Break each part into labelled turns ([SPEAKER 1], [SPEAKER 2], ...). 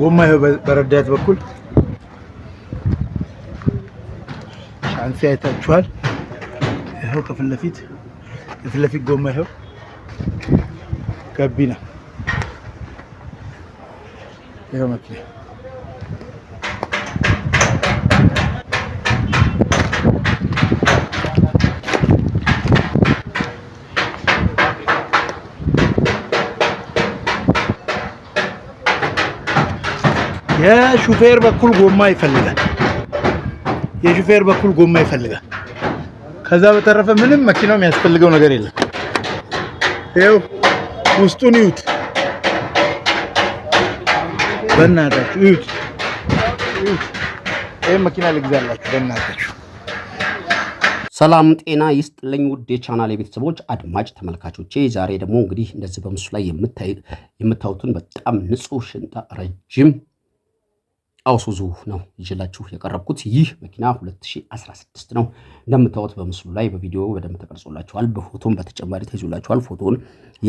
[SPEAKER 1] ጎማ ይኸው በረዳት በኩል ሻንሲ አይታችኋል። ይኸው ከፊት ለፊት የፊት ለፊት ጎማ ይኸው ገቢና ይኸው መኪና የሹፌር በኩል ጎማ ይፈልጋል። የሹፌር በኩል ጎማ ይፈልጋል። ከዛ በተረፈ ምንም መኪናው የሚያስፈልገው ነገር የለም። ይኸው ውስጡን ይዩት፣ በእናታችሁ ይዩት፣ ይዩት። መኪና ልግዛላችሁ በእናታችሁ።
[SPEAKER 2] ሰላም ጤና ይስጥልኝ ውድ የቻናል የቤተሰቦች አድማጭ ተመልካቾቼ፣ ዛሬ ደግሞ እንግዲህ እንደዚህ በምስሉ ላይ የምታዩትን በጣም ንጹህ ሽንጣ ረጅም አይሱዙ ነው ይዤላችሁ የቀረብኩት። ይህ መኪና 2016 ነው። እንደምታዩት በምስሉ ላይ በቪዲዮ በደንብ ተቀርጾላችኋል። በፎቶም በተጨማሪ ተይዞላችኋል። ፎቶውን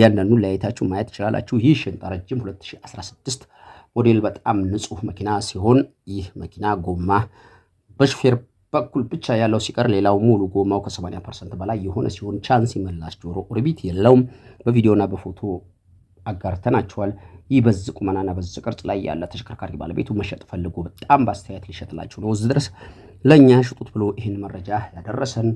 [SPEAKER 2] ያንኑ ለያይታችሁ ማየት ትችላላችሁ። ይህ ሽንጣ ረጅም 2016 ሞዴል በጣም ንጹህ መኪና ሲሆን ይህ መኪና ጎማ በሹፌር በኩል ብቻ ያለው ሲቀር ሌላው ሙሉ ጎማው ከ80 ፐርሰንት በላይ የሆነ ሲሆን ቻንስ የመላሽ ጆሮ የለውም። በቪዲዮና በፎቶ አጋርተናቸዋል። ይህ በዚህ ቁመናና በዚህ ቅርጽ ላይ ያለ ተሽከርካሪ ባለቤቱ መሸጥ ፈልጎ በጣም በአስተያየት ሊሸጥላችሁ ነው። እዚህ ድረስ ለእኛ ሽጡት ብሎ ይህን መረጃ ያደረሰን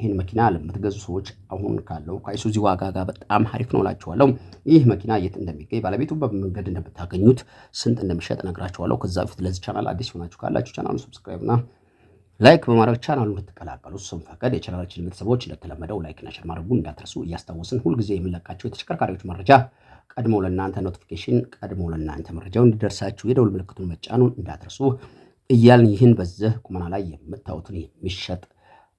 [SPEAKER 2] ይህን መኪና ለምትገዙ ሰዎች አሁን ካለው ከአይሱዚ ዋጋ ጋር በጣም ሀሪፍ ነው እላችኋለሁ። ይህ መኪና የት እንደሚገኝ ባለቤቱ በመንገድ እንደምታገኙት ስንት እንደሚሸጥ እነግራችኋለሁ። ከዛ በፊት ለዚህ ቻናል አዲስ ሆናችሁ ካላችሁ ቻናሉ ሰብስክራይብ እና ላይክ በማድረግ ቻናሉ እንድትቀላቀሉ ስም ፈቀድ የቻናላችን ቤተሰቦች እንደተለመደው ላይክና ሸር ማድረጉ እንዳትረሱ እያስታወስን ሁልጊዜ የምንለቃቸው የተሽከርካሪዎች መረጃ ቀድሞ ለእናንተ ኖቲፊኬሽን ቀድሞ ለእናንተ መረጃው እንዲደርሳችሁ የደውል ምልክቱን መጫኑን እንዳትረሱ እያልን ይህን በዚህ ቁመና ላይ የምታዩትን የሚሸጥ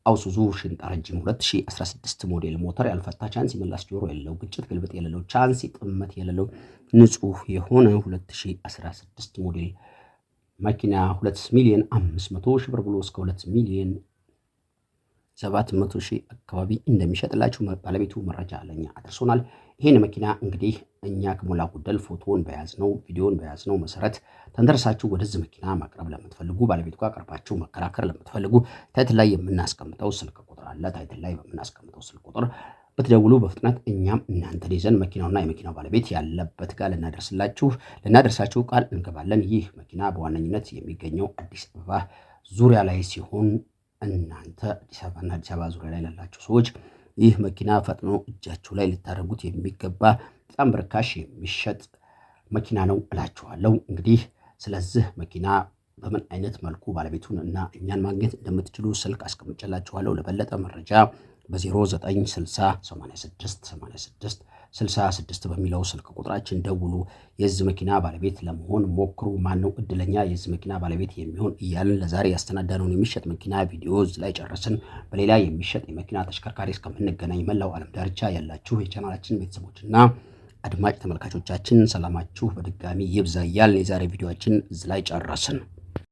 [SPEAKER 2] አውሱዙ ሽንጣ ረጅም 2016 ሞዴል ሞተር ያልፈታ ቻንስ የመላስ ጆሮ የለው ግጭት ግልብጥ የሌለው ቻንስ ጥመት የሌለው ንጹህ የሆነ 2016 ሞዴል መኪና 2 ሚሊዮን 500 ሺህ ብር ብሎ እስከ 2 ሚሊዮን ሰባት መቶ ሺህ አካባቢ እንደሚሸጥላችሁ ባለቤቱ መረጃ ለኛ አድርሶናል። ይህን መኪና እንግዲህ እኛ ከሞላ ጎደል ፎቶን በያዝነው ቪዲዮን በያዝነው መሰረት ተንደርሳችሁ ወደዚህ መኪና ማቅረብ ለምትፈልጉ ባለቤቱ ጋር ቀርባችሁ መከራከር ለምትፈልጉ ታይትል ላይ የምናስቀምጠው ስልክ ቁጥር አለ። ታይትል ላይ በምናስቀምጠው ስልክ ቁጥር ብትደውሉ በፍጥነት እኛም እናንተ ይዘን መኪናውና የመኪናው ባለቤት ያለበት ጋር ልናደርስላችሁ ልናደርሳችሁ ቃል እንገባለን። ይህ መኪና በዋነኝነት የሚገኘው አዲስ አበባ ዙሪያ ላይ ሲሆን እናንተ አዲስ አበባና አዲስ አበባ ዙሪያ ላይ ላላቸው ሰዎች ይህ መኪና ፈጥኖ እጃችሁ ላይ ልታደርጉት የሚገባ በጣም በርካሽ የሚሸጥ መኪና ነው እላችኋለሁ። እንግዲህ ስለዚህ መኪና በምን አይነት መልኩ ባለቤቱን እና እኛን ማግኘት እንደምትችሉ ስልክ አስቀምጨላችኋለሁ። ለበለጠ መረጃ በ0960 86 86 66 በሚለው ስልክ ቁጥራችን ደውሉ፣ የዚህ መኪና ባለቤት ለመሆን ሞክሩ። ማነው እድለኛ የዚህ መኪና ባለቤት የሚሆን እያልን ለዛሬ ያስተናዳነውን የሚሸጥ መኪና ቪዲዮ እዚህ ላይ ጨረስን። በሌላ የሚሸጥ የመኪና ተሽከርካሪ እስከምንገናኝ መላው ዓለም ዳርቻ ያላችሁ የቻናላችን ቤተሰቦችና አድማጭ ተመልካቾቻችን ሰላማችሁ በድጋሚ ይብዛ እያልን የዛሬ ቪዲዮችን እዚህ ላይ ጨረስን።